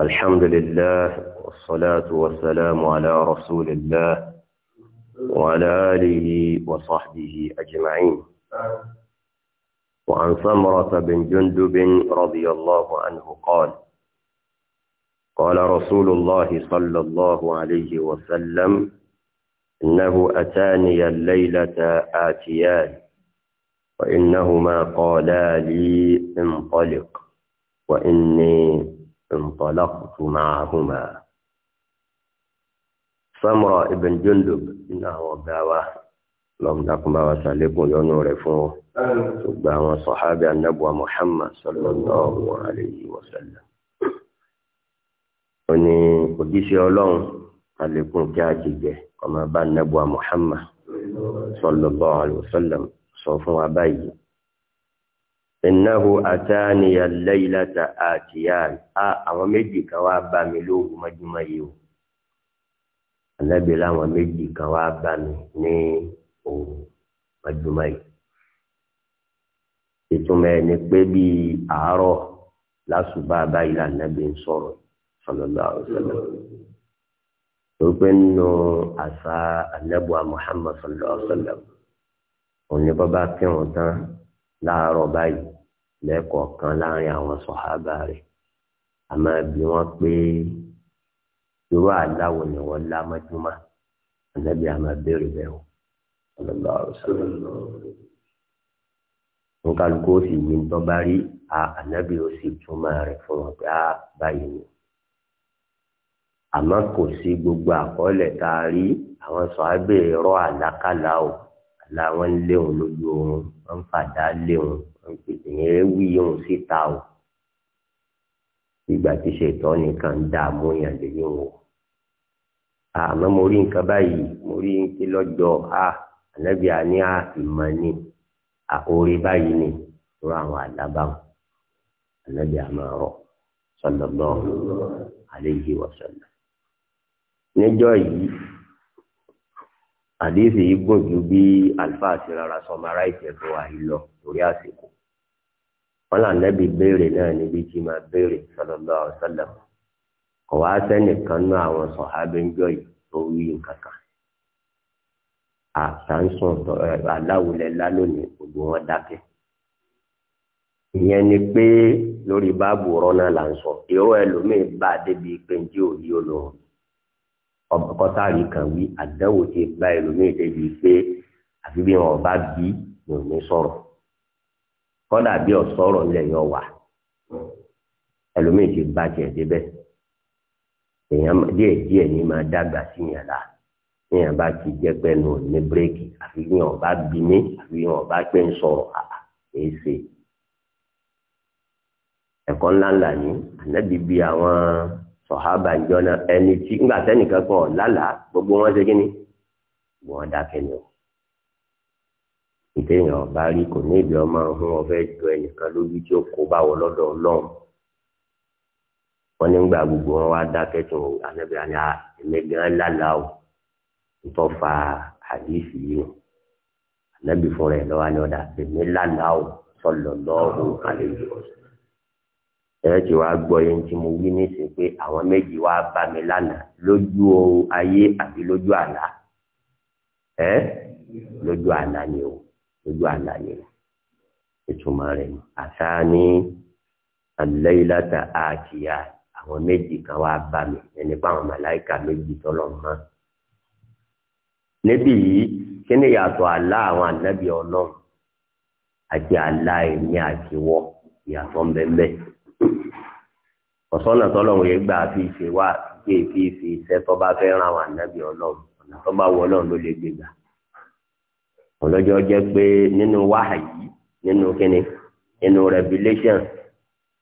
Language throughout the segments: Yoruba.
الحمد لله والصلاة والسلام على رسول الله وعلى آله وصحبه أجمعين وعن سمرة بن جندب رضي الله عنه قال قال رسول الله صلى الله عليه وسلم إنه أتاني الليلة آتيان وإنهما قالا لي انطلق وإني انطلقت معهما Samura ibn Jundub nínú àwọn ọ̀gá wa lọ́gbàkùn bá wa ṣàlékún yọnu rẹ̀ fún ọ ṣùgbọ́n àwọn sọ̀hábì anábùwà Muhammad sallallahu alayhi wa sallam. ó ní òjíṣẹ́ ọlọ́run àlékún kí a jìjẹ ọmọ bá anábùwà Muhammad sallallahu alayhi wa sallam sọ fún wa báyìí innahu ataniya laylata atiyan a àwọn méjì kan wá bá mi lóru mọ́júmọ́ yìí o ànábì láwọn méjì kan wá bá mi ní òru mọ́júmọ́ yìí ìtumọ̀ ẹ̀ ni pé bíi àárọ̀ lásùbà báyìí lànàbì ń sọ̀rọ̀ sallallahu alaihi wasallam torípé nínú àṣà ànábùwà Muhammad sallallahu alaihi wasallam òun kírun tán láàárọ̀ báyìí lẹ́kọ̀ọ̀kan láàrin àwọn sọ̀hábà rẹ̀ a máa bi wọ́n pé irú àláwo ni wọ́n lá mọ́júmọ́ ànábì a máa béèrè bẹ́ẹ̀ o ọlọ́lá ọ̀sán wọn kálukú ó sì yí ń tọ́ba rí ànábì ó sì túmọ̀ rẹ̀ fún wọn pé á báyìí ni àmọ́ kò sí gbogbo àkọọ́lẹ̀ tá a rí àwọn sọ̀hábà rọ àlákàlà o làwọn ń léwọn lójú oorun wọn ń fàdá léwọn wọn ń pèsè yẹn wí yóò síta o ìgbà tí ṣètọ́ nìkan ń dààmú yàn lèyí wò àmọ́ mo rí nǹkan báyìí mo rí nǹkan lọ́jọ́ a ànábì àní a ìmọ̀ ni àkórí báyìí ni rọ àwọn àdábàwọn ànábì àmọ́ rọ sallallahu alayhi wa sallam níjọ́ yìí àdéhùn yìí gùn ju bí àlùfáà ti rárá sọmara ìtẹ̀tọ̀ àyè lọ torí àsìkò wọn là nẹ́bi béèrè náà níbi tí máa béèrè sallallahu alaihi wasallam kò wá sẹ́nìkan náà àwọn sọ̀hábẹ́ńjọ́ yìí tó wí nǹkan kan àtàǹsùn aláwòlẹ̀ lálónìí gbogbo wọn dákẹ́ ìyẹn ni pé lórí báàbù rọ́nà là ń sọ ìró ẹlòmíín bá a débi pé njẹ́ òní olóhùn kọ́tàrí kan wí àdánwò ti gba ẹlòmíì débi pé àfi bí wọn bá bí mi ò ní sọ̀rọ̀ kọ́dà bí ọ̀sọ́rọ̀ lẹ́yìn ọ̀wà ẹlòmíì ti bá tiẹ̀ débẹ̀ èèyàn díẹ̀ díẹ̀ ní máa dàgbà sí yàn la èèyàn bá ti jẹ́ pé nù ní bírèkì àfi bí wọn bá bí mi àfi bí wọn bá pé ń sọ̀rọ̀ àà èé ṣe ẹ̀kọ́ ńláńlá ni ànábìbí àwọn sọ̀hábà ń jọ́nà ẹni tí ńgbà sẹ́nìkan kan lálàá gbogbo wọn ṣe kíni wọn dákẹ́ ni o ìdéyàn ọba rí kò ní ìdí ọmọ ọhún ọfẹ jọ ẹnìkan lójú tí ó kó báwọ lọ́dọ̀ Ọlọ́run wọn nígbà gbogbo wọn wá dákẹ́ tó anábì àní ẹmẹgàn lálàá o nítorí fa àdìsí yìí o anábì fúnra ẹ lọ́wọ́ ni ọdà èmi lálàá o sallallahu alaihi wasallam ẹ ti wá gbọ́ yẹn tí mo wí nísìnyí pé àwọn méjì wá bá mi lánàá lójú ayé àbí lójú àlá ẹ lójú àlá ni o lójú àlá ni o ìtumọ̀ rẹ̀ ni àṣà ni al-laylata àtìyà àwọn méjì kan wá bá mi ẹni pa àwọn màláìka méjì tọ́lọ̀ mọ́ níbí yìí kí ni yàtọ̀ àlá àwọn ànábì ọlọ́run àti àlá ẹ̀mí àti wọ́ ìyàtọ̀ ń bẹ́ẹ̀ bẹ́ẹ̀ ọ̀sọ́nà tọ́lọ́run yẹn gbà fi ṣe wá kí èké fi iṣẹ́ tó bá fẹ́ ran àwọn ànábì ọlọ́run ọ̀nà tó bá wọ ọlọ́run ló lè gbégbà ọlọ́jọ́ jẹ́ pé nínú wáhàyí nínú kíni nínú revelation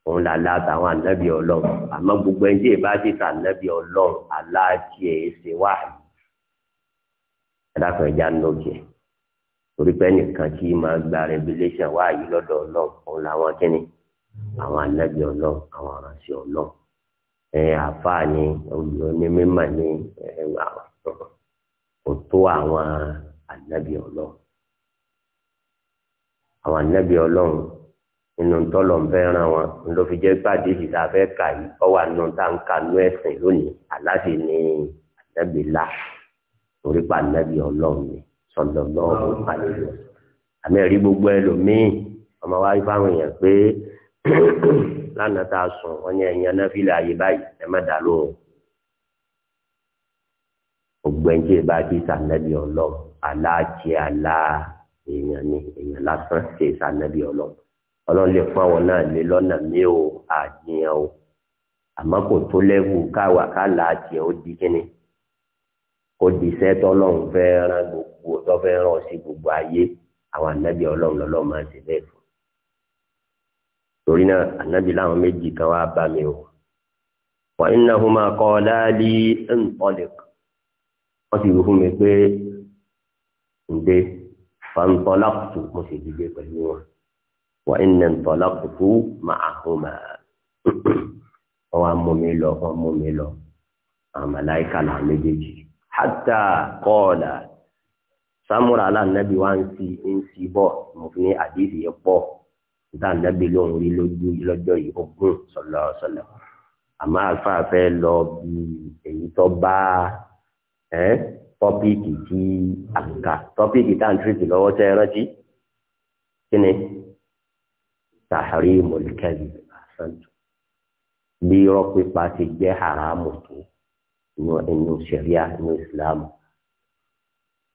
òun làlá àtàwọn ànábì ọlọ́run àmọ́ gbogbo ẹni tí ìbá ti ta ànábì ọlọ́run aláàjì ẹ̀ ṣe wáhàyí ẹ̀dàkùn ẹ̀já lókè torí pé ẹnìkan kí máa gba revelation wáhàyí lọ́dọ̀ ọlọ́run òun làwọn kíni àwọn anábì ọlọ́run àwọn aránṣẹ́ ọlọ́run ẹ àfáà ni onímọ̀ ni ẹ kò tó àwọn anábì ọlọ́run àwọn anábì ọlọ́run nínú tọ́lọ̀ ń fẹ́ ran wọn ló fi jẹ́ pàdé ìta fẹ́ kà yìí ọ wà nù tá à ń ka nú ẹ̀sìn lónìí aláṣẹ ni anábì là torí pa anábì ọlọ́run ni sọlọ lọ́wọ́ àlejò àmì ẹ̀rí gbogbo ẹlòmíì ọmọ wa fáwọn èèyàn pé lánàá tá a sùn wọn ní ẹ̀yìn anáfíìlà ayé báyìí ẹ má dà lóhùn ògbẹ́njì bá bí sànẹ́bí ọlọ́run aláàjẹ alá èèyàn ni èèyàn lásán ṣe sànẹ́bí ọlọ́run ọlọ́run lè fún àwọn náà lé lọ́nà mí o àjìyàn o àmọ́ kò tó lẹ́wù káwa kálà àjẹ ó di kíni kó di iṣẹ́ tọ́lọ́run fẹ́ ran gbogbo tó fẹ́ ràn sí gbogbo ayé àwọn ànẹ́bí ọlọ́run lọ́lọ́ máa ṣe bẹ́ẹ̀ fún torí náà ànábì láwọn méjì kan wá bá mi o wà innahuma qalali intaliq wọ́n sì wí fún mi pé ǹde fantolaqtu mo sì dìde pẹ̀lú wọn wà inna intalaqtu ma'ahuma wọ́n wá mú mi lọ wọ́n mú mi lọ àwọn làwọn méjèèjì hatta qala samura aláǹnábì wá ń si ń si bọ̀ mo fi ní àdìsí yẹn pọ̀ níta nabi lóun rí lójú lọ́jọ́ yìí ogún sọ̀lọ̀ sọ̀lọ̀ àmọ́ àlùfáà fẹ́ lọ bí èyí tó bá ẹ́ tọ́píìkì tí àǹkà tọ́píìkì tá à ń tírìtì lọ́wọ́ tẹ́ rántí kí ni tahrimul kadhib àṣàǹtò bí irọ́ pípa ti jẹ́ haramu tó inú inú ṣẹ̀ríà inú ìsìlámù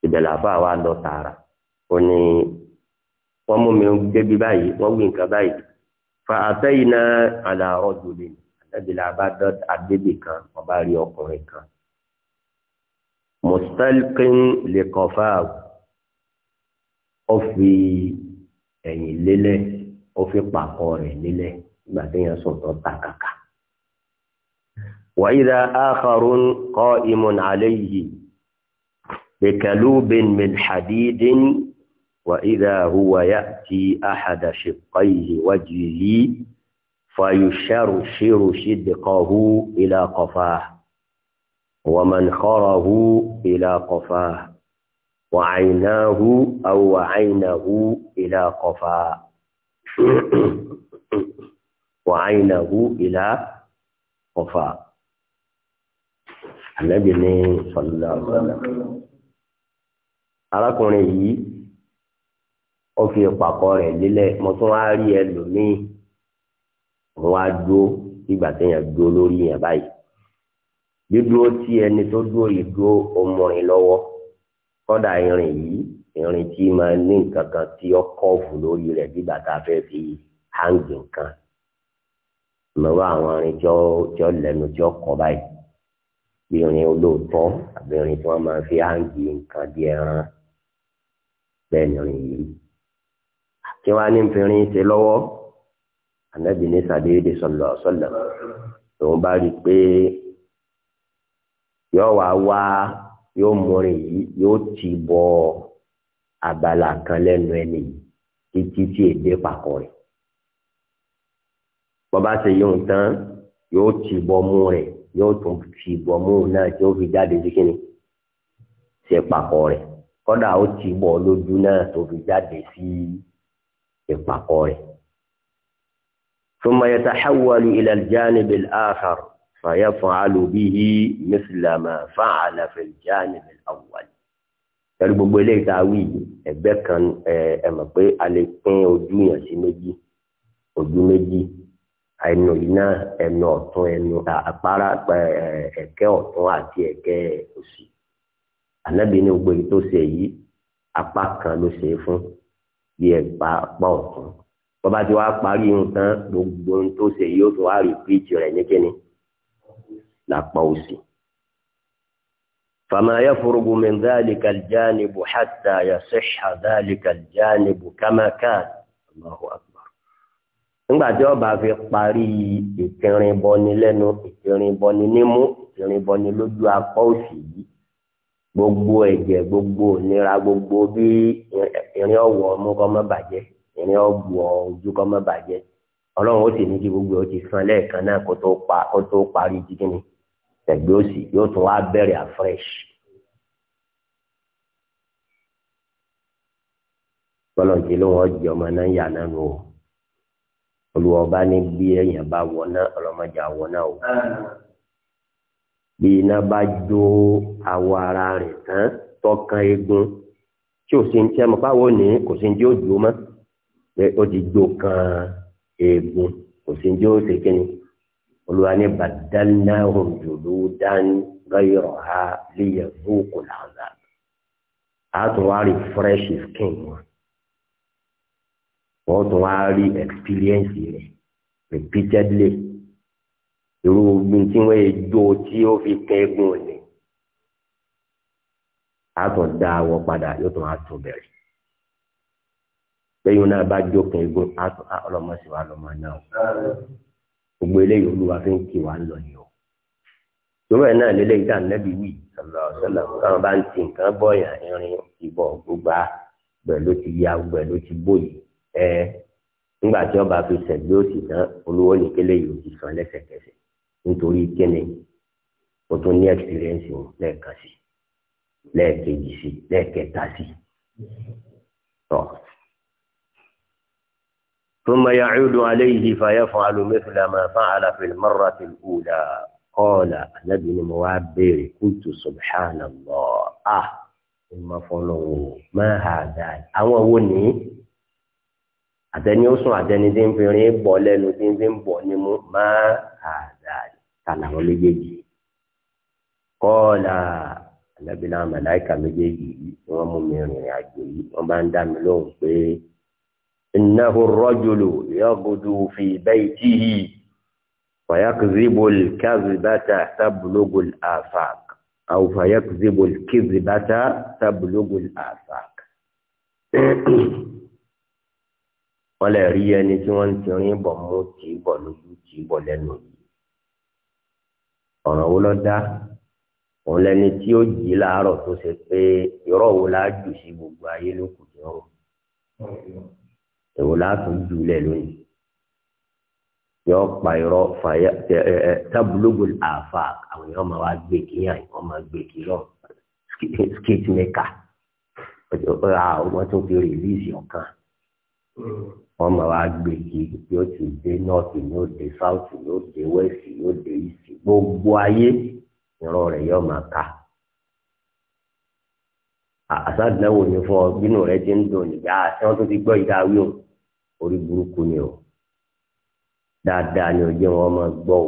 ìbẹ̀lẹ̀ àfáà wa lọ tààrà ó ní wọ́n mú mi débi báyìí wọ́n wí nǹkan báyìí fa àtẹ́yìn náà àlàárọ̀ jòlè àtẹ́bílà bá dọ́ àdébì kan ọba rí ọkùnrin kan mustalqin lè kọ́ fáàwù ó fi ẹ̀yìn lélẹ̀ ó fi pàkọ́ rẹ̀ lélẹ̀ nígbà tí yẹn sùn tó ta kàkà. وإذا آخر قائم عليه بكلوب من حديد وإذا هو يأتي أحد شقيه وجهه فيشرشر شدقه إلى قفاه ومنخره إلى قفاه وعيناه أو عينه إلى قفاه وعينه إلى قفاه النبي صلى الله عليه وسلم أراكم ó fi ìpàkọ́ rẹ̀ lélẹ̀ mo tún wá rí ẹlòmíì mo wá dúró ìgbà téèyàn dúró lórí yẹn báyìí dídúró tí ẹni tó dúró yìí dúró ọmọrin lọ́wọ́ kọ́dà irin yìí irin tí máa ní nǹkan kan tí ó kọ́ọ̀fù lórí rẹ̀ nígbà tá a fẹ́ fi hangi nǹkan lọ́wọ́ àwọn irin tí ó lẹ́nu tí ó kọ́ báyìí bí irin olóòótọ́ àbí irin tí wọ́n máa fi hangi nǹkan bí ẹran bẹ́ẹ̀ ni irin yìí kí wọ́n á ní nfìrin ṣe lọ́wọ́ anabi ní sàdéédé sọlọ sọlọ tòun bá rí i pé yóò wá wá yóò múrin yìí yóò ti bọ abala kan lẹ́nu ẹni yìí títí tí èdè pàkọ rẹ bọba ṣe yóò tán yóò ti bọ mú rẹ yóò tún ti bọ mú náà tí ó fi jáde sí kíni ṣe pàkọ rẹ kódà ó ti bọ lójú náà tó fi jáde sí. Si ìpàkọ́ rẹ̀. ثم يتحول إلى الجانب الآخر فيفعل به مثل ما فعل في الجانب الأول pẹ̀lú gbogbo eléyìí tá a wí yìí ẹgbẹ́ kan ẹ mọ̀ pé a lè pín ojú yàn sí méjì ojú méjì ẹnu yìí náà ẹnu ọ̀tún ẹnu àpárá ẹ̀kẹ́ ọ̀tún àti ẹ̀kẹ́ òsì ànábì gbogbo èyí tó ṣe yìí apá kan ló ṣe é fún sí ẹ̀pá apá ọ̀tún bọ́ba ti wá parí nǹkan gbogbo ohun tó ṣe yóò tó wá rìpíìtì rẹ̀ ní lápá òsì. فما يفرغ من ذلك الجانب حتى يصح ذلك الجانب كما كان الله أكبر nígbà tí ó bá fi parí ìtìrìnbọni lẹ́nu ìtìrìnbọni nímú ìtìrìnbọni lójú apá òsì yìí gbogbo ẹ̀jẹ̀ gbogbo onira gbogbo bí irin ọwọ ọmú kọ́ má irin ọwọ ojú kọ má bàjẹ́ ọlọ́run ó sì ní kí gbogbo ó ti san lẹ́ẹ̀kan náà kó tó pa kó tó parí jíkínni tẹ̀gbẹ́ òsì yóò tún wá afresh. ló jẹ o ní bí iná bá jó awọ ara rẹ̀ tán tọkàn eegun tí ò sí ní tẹ́ mọ́ báwo ni kò sí ní tí ó jó mọ́ pé ó ti jó kan eegun kò sí ní tí ó ṣe kíni olùwà ní badalnahum juludan ghayraha liyadhuqul azab àtún wá rí fresh skin wọn wọ́n tún wá rí experience rẹ̀ repeatedly irú ogun tí wọ́n yẹ jó tí ó fi kẹ́gun ni àtọ̀ dá wọ padà yóò tún àtún bẹ̀rẹ̀ lẹ́yìn náà bá jókòó egun àtún ọlọ́mọsí wa lọ́mọ náà gbogbo eléyìí olúwa fi ń kí wa lọ yìí o ìṣòro ẹ̀ náà lélẹ́yìí tá nẹ́bí wì sọ̀rọ̀ sọ̀rọ̀ káwọn bá ń ti nǹkan bọ̀yàn irin ìbọ̀ gbogbo gbẹ̀ ló ti ya gbẹ̀ ló ti bóyì ẹ nígbà tí ọba fi ṣẹ̀gbẹ́ òsì tán olúwo ní kélé ó ti sàn lẹ́sẹ̀kẹsẹ̀ nítorí kíni o tún ní experience wọn lẹ́ẹ̀kan sí lẹ́ẹ̀kejì sí lẹ́ẹ̀kẹta sí tọ́. ثم يعود عليه فيفعل مثل ما فعل في المرة الأولى قال نبي موابر قلت سبحان الله آه ìmọ̀ fọlọ́ o máa hà dáa àwọn wo ni àtẹni ó sùn àtẹni tí ń fi rin bọ̀ lẹ́nu tí ń fi ń bọ̀ ni mo máa hà ta làwọn méjèèjì kọ́ọ̀là alábìlà màláìka méjèèjì yìí wọ́n mú mi rìnrìn àjò yìí wọ́n bá ń dá mi lóhùn pé innahu rajulu yaghdu fi baytihi wa yakzibu al-kadhibata tablughu al-afaq aw fa yakzibu wọ́n lè rí ẹni tí wọ́n ń tirin bọ̀ mú tì í bọ̀ lójú tì í bọ̀ lẹ́nu yìí ọ̀ràn wo lọ dá òun lẹni tí ó jí láàárọ̀ tó ṣe pé irọ́ wo la jù sí gbogbo ayé ló kù ní ọ̀rọ̀ èwo la tún jù lẹ̀ lónìí yọ pa irọ́ fàyà ẹ ẹ tábùlógún àfà àwọn èèyàn máa wá gbé kíyàn wọ́n máa gbé kíyàn skate maker wọ́n tún fi rìlíìsì ọ̀kan. Hmm. wọ́n máa wá gbé kí yóò ti dé nọ́ọ̀tì yóò dé sáùtì yóò dé wẹ́ẹ̀sì yóò dé ìsì gbogbo ayé ìran rẹ̀ yóò máa ka. àṣàdánwò ni fún ọ bínú rẹ ti ń dùn nígbà àti wọn tó ti gbọ́ o orí burúkú ni o dáadáa ni ojú wọn máa gbọ́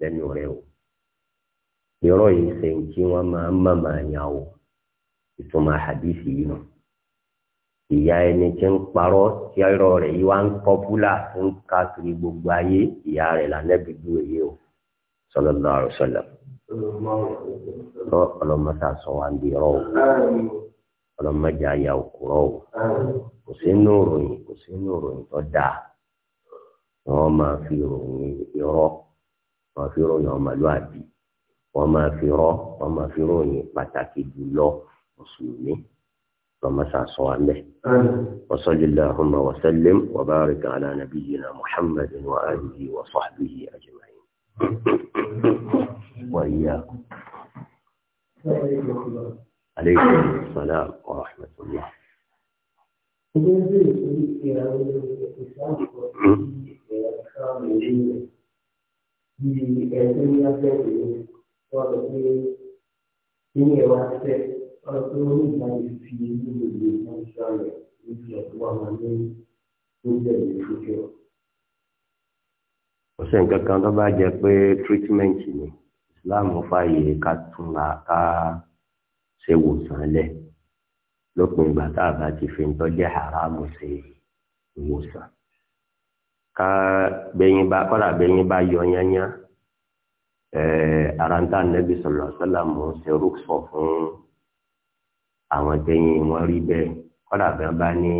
lẹ́nu rẹ o ìrọ̀ yìí ṣe ń kí wọ́n máa ń mọ̀mọ́ ìtumọ̀ àdìsí yìí ìyá ẹni tí ń parọ́ tí ọ̀rọ̀ rẹ̀ yìí wá ń pọ́pùlà tó ń káàkiri gbogbo ayé ìyá rẹ̀ lànàbí ju èyí o sallallahu alaihi wasallam. ọlọ́mọta sọ wá ń bí rọ́ o ọlọ́mọdé ayà òkú rọ́ o kò sínú ìròyìn kò sínú ìròyìn tó dáa wọ́n máa fi ròyìn irọ́ wọ́n fi ròyìn ọmọlúwàbí wọ́n máa fi rọ́ wọ́n máa fi ròyìn pàtàkì jùlọ mùsùlùmí. ومسع صوامه وصل اللهم وسلم وبارك على نبينا محمد وآله وصحبه أجمعين وإياكم عليكم السلام ورحمة الله Ini adalah Kalau ọ̀rọ̀ pé oníbàárà fi inú ìwé mọ́ṣúárà rẹ̀ níbi ọ̀dọ́ àwọn ní lóúnjẹ ìlú sókè. kò sí nǹkan kan tó bá jẹ pé treatment ni Islam fààyè ká tún la ká ṣe wòsàn lẹ̀ lópin ìgbà tá a bá ti fi ń tọ́jú haramu ṣe ìwòsàn ká bẹ́yìn bá kọ́ra bẹ́yìn bá yọ yányá ara ń tà nẹ́bí sọ̀rọ̀ sọ́lá mọ̀ ṣe rúkṣọ̀ fún àwọn tẹ́yìn wọn rí bẹ́ẹ̀ kọ́dà bí wọ́n bá ní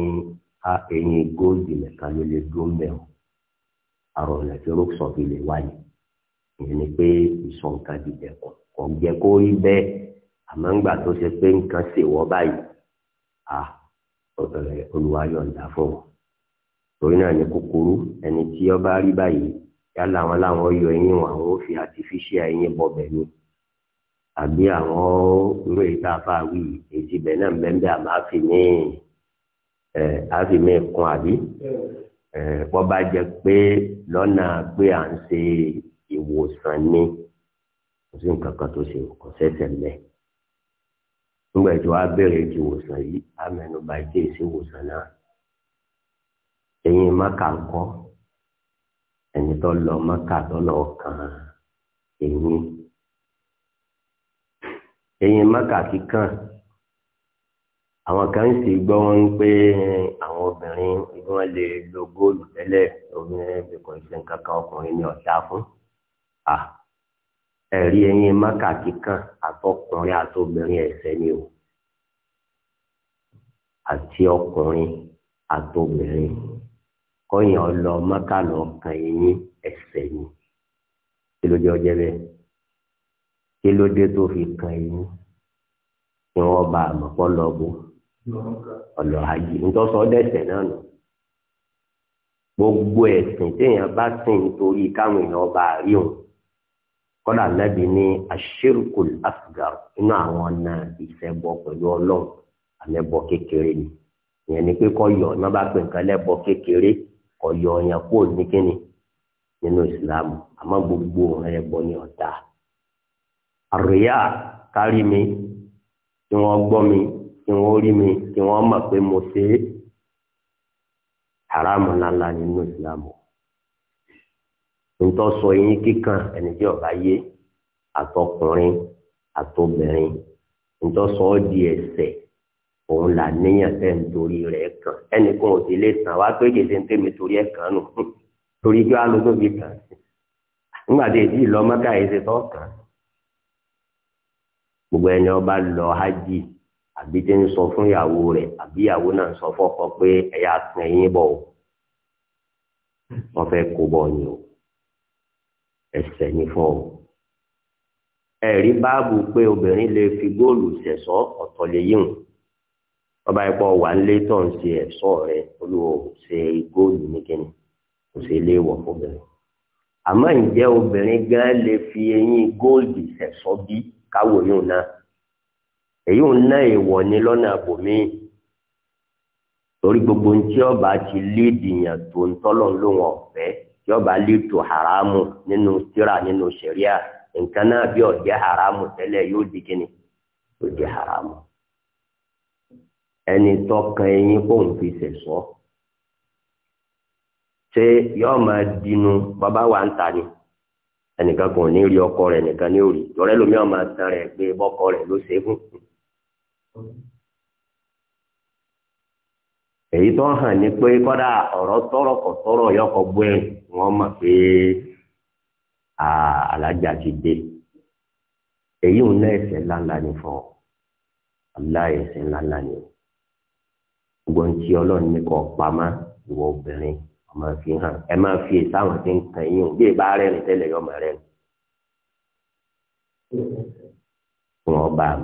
ẹyin góòdì nìkan ló lè dún bẹ́ẹ̀ o àrùn ọ̀nà tí rúkṣọ̀ fi lè wáyé ìyẹn ni pé ìsọ nǹkan ti bẹ̀ kọ́ kò jẹ́ kó rí bẹ́ẹ̀ àmọ́ ńgbà tó ṣe pé nǹkan ṣèwọ́ báyìí à olùwàyọ̀ǹda fún wọn torí náà ní kúkúrú ẹni tí ó rí báyìí yálà wọn láwọn yọ eyín wọn àwọn ò fi artificial eyín bọbẹ ni àbí àwọn irú èyí tá a fà wí èsì bẹ̀ náà bẹ́ẹ̀ àmọ́ àfi mí ẹ̀ àfi mí kún àbí ẹ̀ wọ́n bá jẹ pé lọ́nà pé à ń ṣe ìwòsàn ni kò sí nǹkan kan tó ṣe kò sẹ́sẹ̀ mẹ́ nígbà tí wàá bẹ̀rẹ̀ ti ìwòsàn yìí amẹnubà tí èsì ìwòsàn náà ẹ̀yin mọ́kà ń kọ́ ẹni tó lọ mọ́kà tó lọ kàn ẹ̀yin ẹ̀yìn mákàkí kan àwọn kan ń sì gbọ́ wọn pé àwọn obìnrin wọn lè lo góòlù tẹ́lẹ̀ obìnrin bí kò ṣe nǹkan kan ọkùnrin ní ọ̀tá fún ẹ̀rí ẹ̀yìn mákàkí kan àtọkùnrin àtobìnrin ẹ̀sẹ̀ ni o àti ọkùnrin àtobìnrin kọ́yìn ọlọ mákàlọ́ kan ẹ̀yìn ẹ̀sẹ̀ ni kí ló jẹ́ ọjẹ́ bẹ́ẹ̀. kí ló dé tó fi kàn yín kí bá a mọ̀ kọ́ lọ bó àjì ńtọ́sọ dẹ̀sẹ̀ gbogbo ẹ̀sìn téèyàn bá sìn nítorí káwọn èèyàn bá a rí òun kọ́dà lẹ́bi ní aṣírkùl asgar inú àwọn ọ̀nà ìṣẹ́bọ pẹ̀lú ọlọ́run àmẹ́bọ kékeré ni kékeré ní kíni nínú ìsìlámù àmọ́ gbogbo ọ̀rẹ́ ẹ̀bọ ni àríyá kárí mi kí wọ́n gbọ́ mi kí wọ́n rí mi kí wọ́n mọ̀ pé mo ṣe é haram ńláńlá nínú ìsìlámù ntọ́ sọ yín kíkan ẹni tí ọba yé àtọkùnrin àtobìnrin ntọ́ sọ ọ́ di ẹ̀ṣẹ̀ òun là níyàn tẹ́ ń torí rẹ̀ kàn ẹnìkan ò sì lè tàn wá pé kèsì ń tẹ́mi torí ẹ̀ kàn nù torí kí wàá lóko fi kàn nígbà tí èyí lọ́mọ́ká yìí ṣe tọ́ kàn gbogbo ẹni ọba lọ hajj àbí tí ń sọ fún ìyàwó rẹ̀ àbí ìyàwó náà ń sọ fọ́kọ pé ẹ̀yà pin ẹ̀yìn bọ̀ o wọ́n fẹ́ kó bọ̀ ni o ẹsẹ̀ ní fún o. ẹ̀rí báàbù pé obìnrin lè fi góòlù ṣẹ̀ṣọ́ ọ̀tọ̀ lè yíwùn ọba ẹ̀pọ̀ wà nílé tó ń ṣe ẹ̀ṣọ́ rẹ̀ olùwò ṣe góòlù nìkíni kò ṣe lè wọ̀ fóbìnrin àmọ́ ǹjẹ́ obìnrin gan lè fi eyín góòlù ṣẹ̀ṣọ́ bíi káwò yóò ná èyí ò ná èèwọ̀ ni lọ́nà àbòmí torí gbogbo ní tí ọba ti léèdì yàn tó ń tọ́lọ̀ ọba léètò haramu nínú tíra nínú sẹ̀ríà nǹkan náà bí haramu tẹ́lẹ̀ yóò di kíni yóò di haramu ẹni tọkàn ẹyin kóun fi sẹ̀sọ́ ṣé máa dinu bàbá wa ń ẹnìkan kò ní rí ọkọ rẹ̀ nìkan ní òrì tọrẹ lomi ọmọ ata rẹ gbé bọkọ rẹ̀ ló ṣe fún. èyí tó hàn ní pé kọ́dà ọ̀rọ̀ tọrọ kọ̀ tọrọ yọkọ̀ gbé wọn mọ̀ pé alájà ti dé èyí ò ná ẹsẹ̀ ńláńlá ni fún ọ ẹsẹ̀ ńláńlá ni gbọ̀ntì ọlọ́run ní kọ́ pamá ìwọ obìnrin ọmọ fi hàn ẹ máa fi èsì a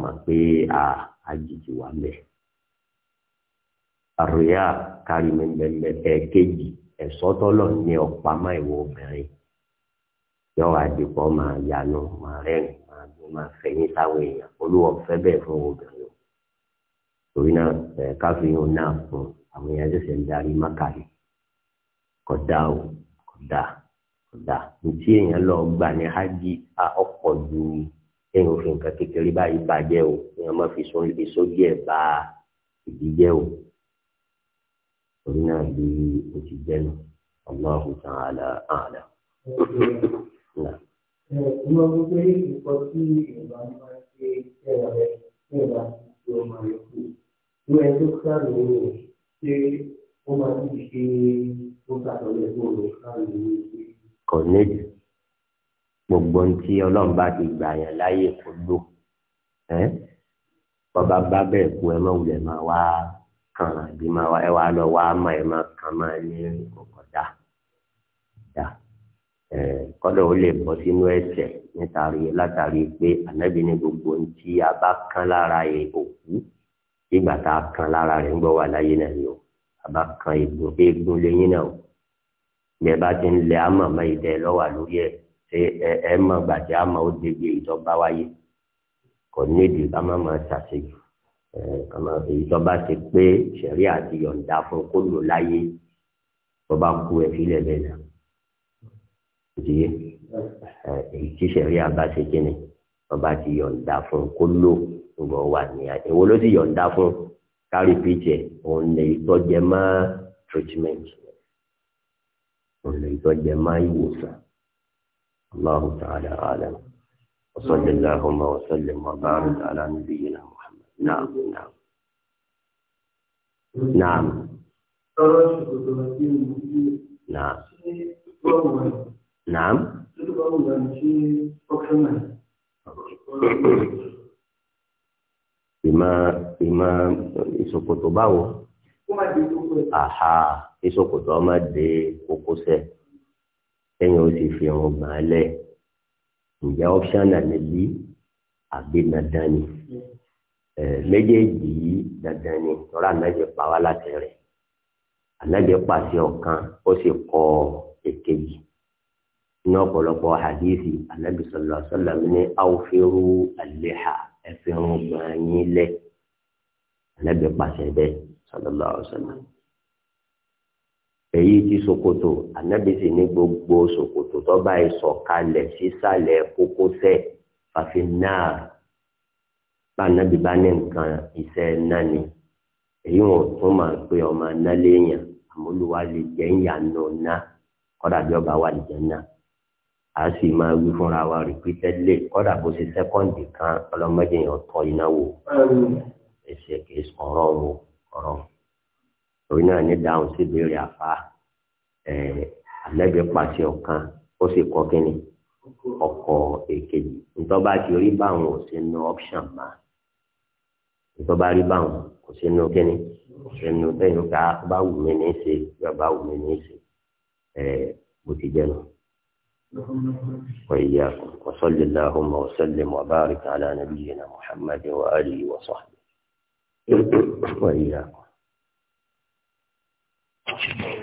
mọ̀ pé a àjèjì wà mẹ́. àròyà kárí yọ àdìpọ̀ máa yanu máa rẹ́rìn máa dùn máa fẹ̀yìn sáwọn èèyàn olúwọ̀ fẹ́ bẹ́ẹ̀ fún obìnrin o torí náà ẹ̀ẹ́ká fi náà fún àwọn èèyàn tó ń darí mákàlì kódà o kódà kódà ntí èèyàn lọ gbà ní hajj a ọ̀pọ̀ ju èèyàn òfin nǹkan kékeré báyìí bàjẹ́ o èèyàn má fi sún èso díẹ̀ bá ìdíjẹ́ o torí náà bí o ti jẹnu Allahu ta'ala a'lam. Ìmọ̀ gbogbo nǹkan tí ìgbà máa ń ṣe ẹ̀rọ rẹ̀ nígbà tí ó máa yọ kú. Ìwé ẹjọ́ kúrò ní ṣé ó máa ti ṣe ó ṣàtọ̀lẹ́ fún mi káàdì mi. kò ní gbogbo ohun tí ọlọ́run bá ti gbà yàn láàyè kó lò bọ́ba bá bẹ́ẹ̀ kú ẹ má wulẹ̀ máa wá kàn àbí máa wá ẹ wá lọ wá má ẹ má kàn máa ní ọ̀kọ̀dà dà kọ́dọ̀ ó lè bọ́ sínú ẹ̀ṣẹ̀ nítorí látàrí pé ànábì ní gbogbo ohun a bá kán lára òkú ìgbà tá a kán lára rẹ̀ ń gbọ́ wà láyé náà ni àbá kan egun egun lẹ́yìn náà o bí ẹ bá ti ń lẹ àmọ́ ọmọ ìdẹ lọ́wọ́ lórí ẹ ṣé ẹ ẹ mọ̀ gbà tí àmọ́ ó dégbé ìjọba wáyé kò nídìí ká má máa ṣàṣejù ẹ ká má èyí tó bá ti pé ṣẹ̀rí àti yọ̀ǹda fún kó lò láyé tó bá kú ẹ sílẹ̀ bẹ́ẹ̀ náà ìdíyé èyí tí ṣẹ̀rí àbá ṣe kí ni wọ́n ti yọ̀ǹda fún kó lò ń wà ní àyẹ̀wò ló ti yọ̀ǹda fún Kali pìtì ẹ̀ òun lè tọ́jẹ treatment òun lè tọ́jẹ mọ́ ìwòsàn Allahu ta'ala alam wa sallallahu wa sallam wa barik ala nabiyyina Muhammad نعم نعم نعم naam ìmọ̀ ìmọ̀ ìsòkòtò báwo àhà ìsòkòtò ọmọ dé kókósẹ̀ ẹ̀yìn ó sì fi hàn gbàálẹ̀ ǹjẹ́ ọ́pṣánà níbí àbí dandan ni méjèèjì yìí dandan ni tọ́lá ànájẹ pa wá láti rẹ̀ ànájẹ pàṣẹ ọ̀kan ó sì kọ èkejì ní ọ̀pọ̀lọpọ̀ hadithi ànábì sallallahu alaihi wasallam ní awfiru al-liha ẹ̀fẹ̀ ọgbà yín lẹ̀ ẹlẹ́gbẹ̀ẹ́ pàṣẹ bẹ́ẹ̀ sallallahu alaihi wasallam. èyí tí ṣòkòtò ànábì sì ní gbogbo ṣòkòtò tó bá ìsọ̀kalẹ̀ sísàlẹ̀ kókósẹ̀ fàfin náà bá ànábì bá ní nǹkan iṣẹ́ náà ni èyí wọn ò tún máa pe ọmọ náà léèyàn àmọ́ jẹ́ ìyànà náà kọ́dà bí ọba wà lè náà. a sì máa wí fúnra wa rìpítẹ́lẹ̀ kọ́dà bó ṣe sẹ́kọ́ǹdì kan ọlọ́mọdé yẹn tọ́ iná ẹsẹ̀ kìí ọ̀rọ̀ wò ọ̀rọ̀ torí náà ní dáhùn sí ìbéèrè àpá àlẹ́bí pàṣẹ ọ̀kan ó sì kọ́ kínní ọkọ̀ èkejì ìtọ́ba ti rí báwọn ò ìtọ́ba rí báwọn kò kínní kò bẹ́ẹ̀ bá wù mí ní í ṣe bí وإياكم وصل اللهم وسلم وبارك على نبينا محمد وآله وصحبه وإياكم